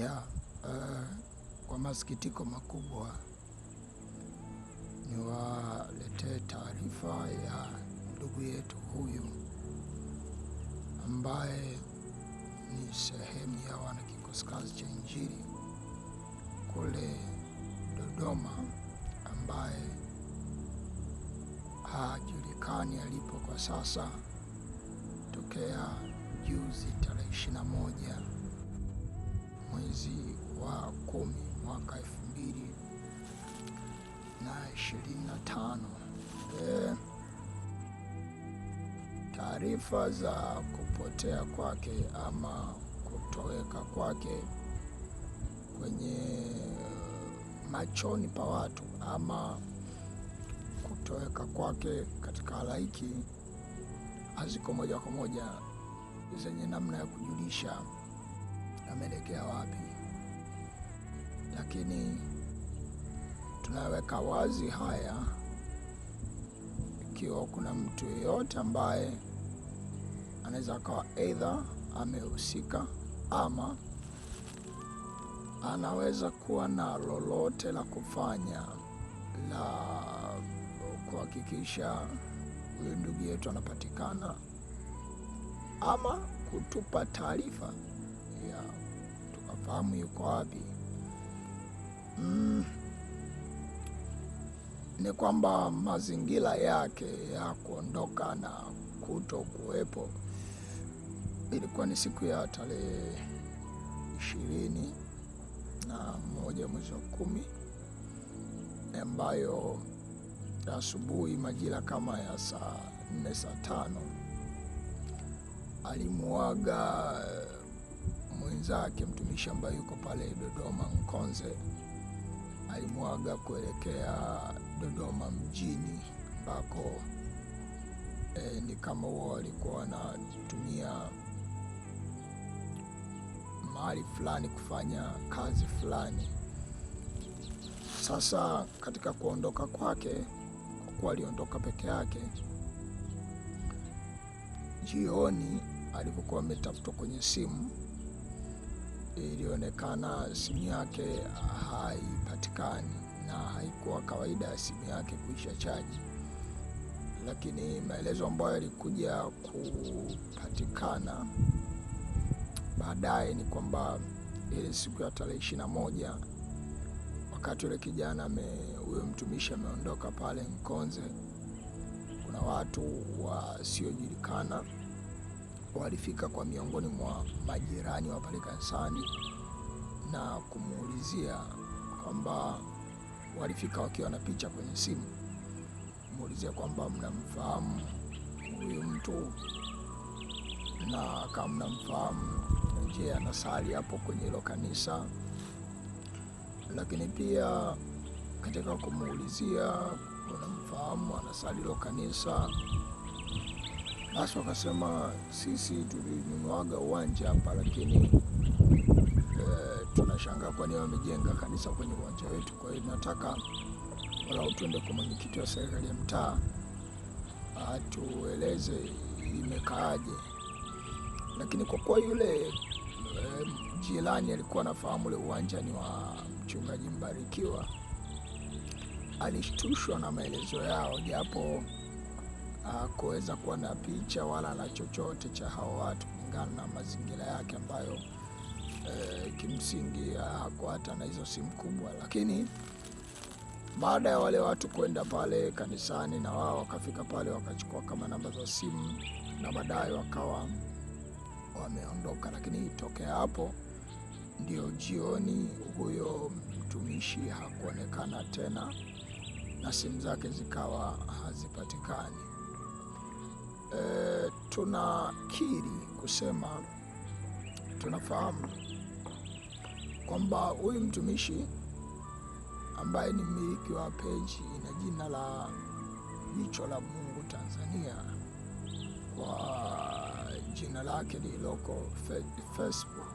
ya uh, kwa masikitiko makubwa niwaletee taarifa ya ndugu yetu huyu ambaye ni sehemu ya wanakikoskazi cha Injili kule Dodoma, ambaye hajulikani alipo kwa sasa tokea juzi tarehe ishirini na moja mwezi wa kumi mwaka elfu mbili na ishirini na tano. E, taarifa za kupotea kwake ama kutoweka kwake kwenye eh, machoni pa watu ama kutoweka kwake katika halaiki haziko moja kwa moja zenye namna ya kujulisha ameelekea wapi, lakini tunaweka wazi haya ikiwa kuna mtu yeyote ambaye anaweza akawa aidha amehusika ama anaweza kuwa na lolote la kufanya la kuhakikisha huyu ndugu yetu anapatikana ama kutupa taarifa ya ukafahamu yuko wapi. Mm, ni kwamba mazingira yake ya kuondoka na kuto kuwepo ilikuwa ni siku ya tarehe ishirini na moja mwezi wa kumi ambayo asubuhi majira kama ya saa nne saa tano alimuaga mwenzake mtumishi ambaye yuko pale Dodoma Mkonze alimwaga kuelekea Dodoma mjini ambako e, ni kama wao walikuwa wanatumia mahali fulani kufanya kazi fulani. Sasa katika kuondoka kwake, kwa kuwa aliondoka peke yake, jioni alipokuwa ametafutwa kwenye simu ilionekana simu yake haipatikani na haikuwa kawaida ya simu yake kuisha chaji, lakini maelezo ambayo yalikuja kupatikana baadaye ni kwamba ile siku ya tarehe ishirini na moja wakati ule kijana huyo mtumishi ameondoka pale nkonze kuna watu wasiojulikana walifika kwa miongoni mwa majirani wa pale kanisani na kumuulizia kwamba walifika wakiwa na picha kwenye simu, muulizia kwamba mnamfahamu huyu mtu, na kama mnamfahamu, je, anasali hapo kwenye hilo kanisa? Lakini pia katika kumuulizia unamfahamu anasali hilo kanisa basi wakasema sisi tulinunuaga uwanja hapa, lakini e, tunashangaa kwa nini wamejenga kanisa kwenye uwanja wetu. Kwa hiyo nataka walau tuende kwa mwenyekiti wa serikali ya mtaa atueleze imekaaje, lakini kwa kuwa yule e, eh, jirani alikuwa anafahamu ule uwanja ni wa mchungaji Mbarikiwa, alishtushwa na maelezo yao japo kuweza kuwa na picha wala la chochote cha hao watu kulingana na mazingira yake ambayo e, kimsingi hakuwa hata na hizo simu kubwa, lakini baada ya wale watu kwenda pale kanisani na wao wakafika pale wakachukua kama namba za simu na baadaye wakawa wameondoka. Lakini tokea hapo ndio jioni, huyo mtumishi hakuonekana tena na simu zake zikawa hazipatikani e, tunakiri kusema tunafahamu kwamba huyu mtumishi ambaye ni mmiliki wa peji na jina la Jicho la Mungu Tanzania kwa jina lake lililoko Facebook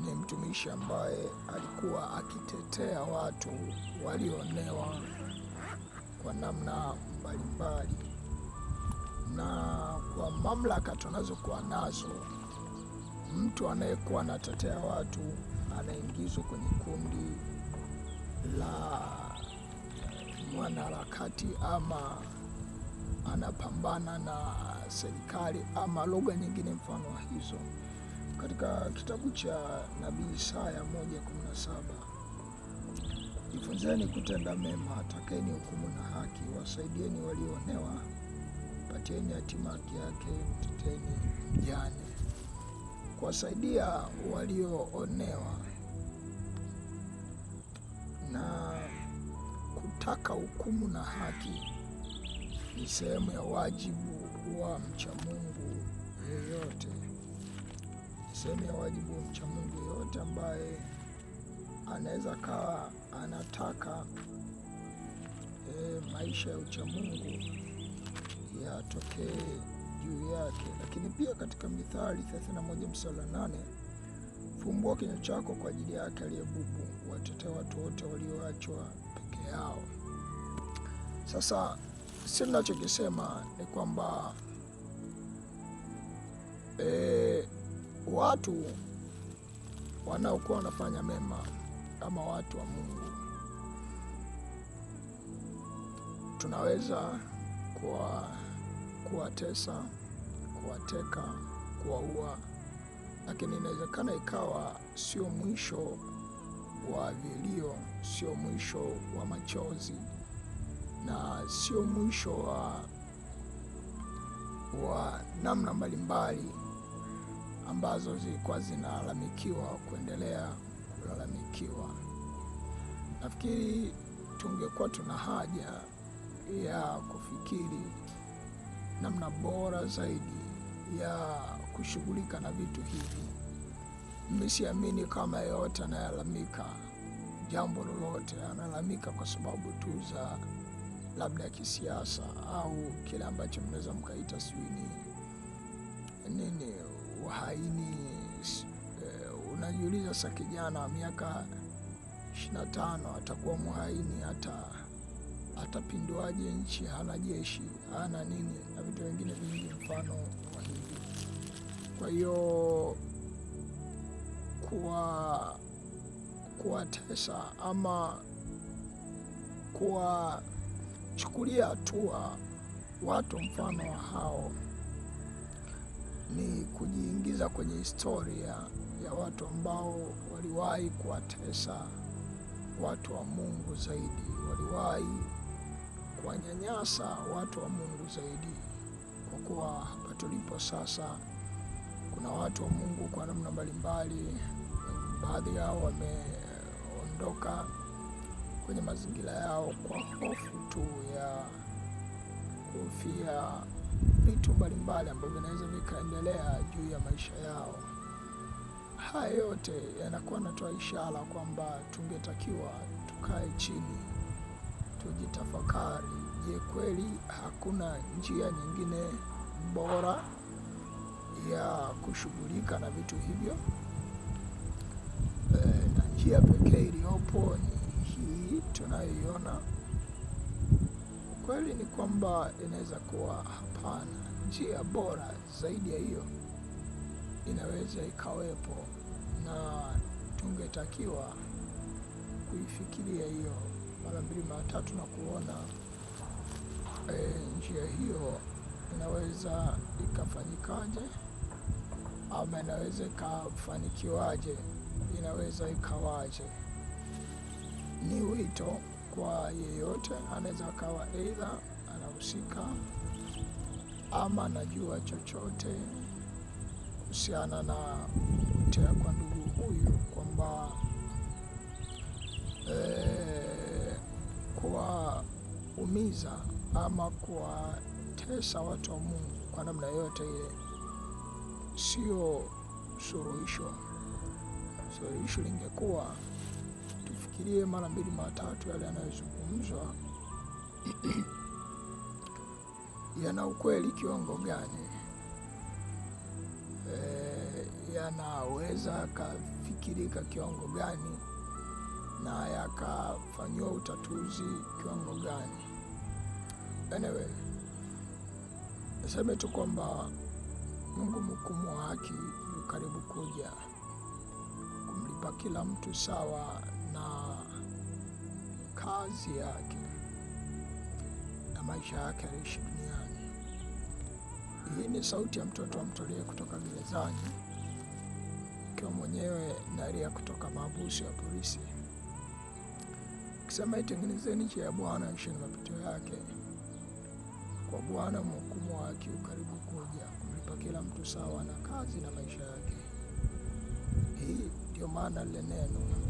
ni mtumishi ambaye alikuwa akitetea watu walioonewa kwa namna mbalimbali na kwa mamlaka tunazokuwa nazo, mtu anayekuwa anatetea watu anaingizwa kwenye kundi la mwanaharakati ama anapambana na serikali ama lugha nyingine mfano wa hizo. Katika kitabu cha nabii Isaya 1:17, jifunzeni kutenda mema, atakeni hukumu na haki, wasaidieni walioonewa mteteni hatima yake, mteteni mjane, kuwasaidia walioonewa na kutaka hukumu na haki ni sehemu ya wajibu wa mcha Mungu yeyote, ni sehemu ya wajibu wa mcha Mungu yeyote ambaye anaweza kawa anataka e, maisha ya uchamungu yatokee juu yake. Lakini pia katika Mithali 31 mstari wa nane, fumbua kinywa chako kwa ajili yake aliyebubu, watetee watu wote walioachwa peke yao. Sasa si ninachokisema ni kwamba e, watu wanaokuwa wanafanya mema kama watu wa Mungu tunaweza kuwa kuwatesa, kuwateka, kuwaua, lakini inawezekana ikawa sio mwisho wa vilio, sio mwisho wa machozi na sio mwisho wa, wa namna mbalimbali ambazo zilikuwa zinalalamikiwa kuendelea kulalamikiwa. Nafikiri tungekuwa tuna haja ya kufikiri namna bora zaidi ya kushughulika na vitu hivi. Mmesiamini kama yeyote anayelalamika jambo lolote analalamika kwa sababu tu za labda ya kisiasa au kile ambacho mnaweza mkaita siwini nini uhaini. Eh, unajiuliza sa kijana wa miaka 25 atakuwa muhaini hata atapinduaje nchi, hana jeshi, hana nini na vitu vingine vingi mfano wa hivi. Kwa hiyo kuwa kuwatesa ama kuwachukulia hatua watu mfano wa hao ni kujiingiza kwenye historia ya watu ambao waliwahi kuwatesa watu wa Mungu zaidi, waliwahi kuwanyanyasa watu wa Mungu zaidi, kwa kuwa hapa tulipo sasa kuna watu wa Mungu kwa namna mbalimbali. Baadhi yao wameondoka kwenye mazingira yao kwa hofu tu ya kuhofia vitu mbalimbali ambavyo vinaweza vikaendelea juu ya maisha yao. Haya yote yanakuwa natoa ishara kwamba tungetakiwa tukae chini tujitafakari. Je, kweli hakuna njia nyingine bora ya kushughulika na vitu hivyo? E, na njia pekee iliyopo ni hii tunayoiona? Kweli ni kwamba inaweza kuwa hapana, njia bora zaidi ya hiyo inaweza ikawepo, na tungetakiwa kuifikiria hiyo mara mbili mara tatu na kuona e, njia hiyo inaweza ikafanyikaje ama inaweza ikafanikiwaje, inaweza ikawaje. Ni wito kwa yeyote, anaweza akawa aidha anahusika ama anajua chochote kuhusiana na kutea kwa ndugu huyu kwamba kuwaumiza ama kuwatesa watu wa Mungu kwa namna yoyote ile sio suluhisho. Suluhisho lingekuwa tufikirie mara mbili mara tatu yale yanayozungumzwa yana ukweli kiwango gani, e, yanaweza kafikirika kiwango gani na yakafanyiwa utatuzi kiwango gani Anyway, niseme tu kwamba Mungu mhukumu wa haki yu karibu kuja kumlipa kila mtu sawa na kazi yake na maisha yake aliishi duniani. Hii ni sauti ya mtoto wa kutoka gerezani, ikiwa mwenyewe naria kutoka maabusu ya polisi, kisema itengenezeni njia ya Bwana, isheni mapito yake kwa Bwana mhukumu wa haki ukaribu kuja kumlipa kila mtu sawa na kazi na maisha yake. Hii ndio maana lile neno